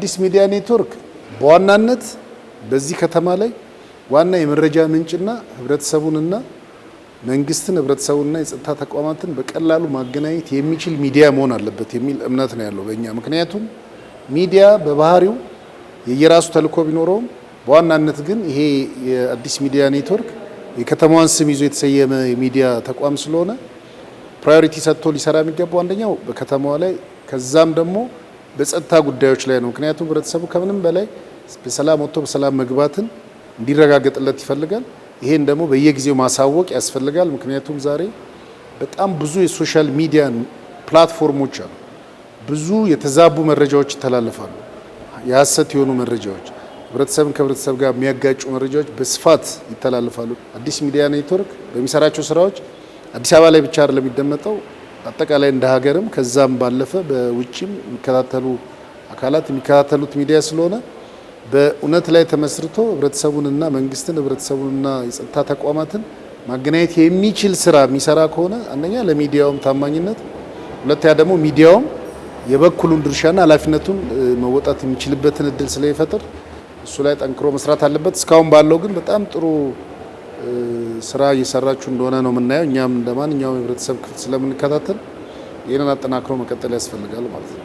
አዲስ ሚዲያ ኔትወርክ በዋናነት በዚህ ከተማ ላይ ዋና የመረጃ ምንጭና ህብረተሰቡንና መንግስትን ህብረተሰቡንና የጸጥታ ተቋማትን በቀላሉ ማገናኘት የሚችል ሚዲያ መሆን አለበት የሚል እምነት ነው ያለው በእኛ። ምክንያቱም ሚዲያ በባህሪው የየራሱ ተልኮ ቢኖረውም በዋናነት ግን ይሄ የአዲስ ሚዲያ ኔትወርክ የከተማዋን ስም ይዞ የተሰየመ የሚዲያ ተቋም ስለሆነ ፕራዮሪቲ ሰጥቶ ሊሰራ የሚገባው አንደኛው በከተማዋ ላይ ከዛም ደግሞ በጸጥታ ጉዳዮች ላይ ነው። ምክንያቱም ህብረተሰቡ ከምንም በላይ በሰላም ወጥቶ በሰላም መግባትን እንዲረጋገጥለት ይፈልጋል። ይሄን ደግሞ በየጊዜው ማሳወቅ ያስፈልጋል። ምክንያቱም ዛሬ በጣም ብዙ የሶሻል ሚዲያ ፕላትፎርሞች አሉ። ብዙ የተዛቡ መረጃዎች ይተላለፋሉ። የሀሰት የሆኑ መረጃዎች፣ ህብረተሰብን ከህብረተሰብ ጋር የሚያጋጩ መረጃዎች በስፋት ይተላለፋሉ። አዲስ ሚዲያ ኔትወርክ በሚሰራቸው ስራዎች አዲስ አበባ ላይ ብቻ አይደለም የሚደመጠው አጠቃላይ እንደ ሀገርም ከዛም ባለፈ በውጭም የሚከታተሉ አካላት የሚከታተሉት ሚዲያ ስለሆነ በእውነት ላይ ተመስርቶ ህብረተሰቡንና መንግስትን ህብረተሰቡንና የጸጥታ ተቋማትን ማገናኘት የሚችል ስራ የሚሰራ ከሆነ አንደኛ ለሚዲያውም ታማኝነት፣ ሁለተኛ ደግሞ ሚዲያውም የበኩሉን ድርሻና ኃላፊነቱን መወጣት የሚችልበትን እድል ስለሚፈጥር እሱ ላይ ጠንክሮ መስራት አለበት። እስካሁን ባለው ግን በጣም ጥሩ ስራ እየሰራችሁ እንደሆነ ነው የምናየው። እኛም እንደ ማንኛውም የህብረተሰብ ክፍል ስለምንከታተል ይህንን አጠናክሮ መቀጠል ያስፈልጋል ማለት ነው።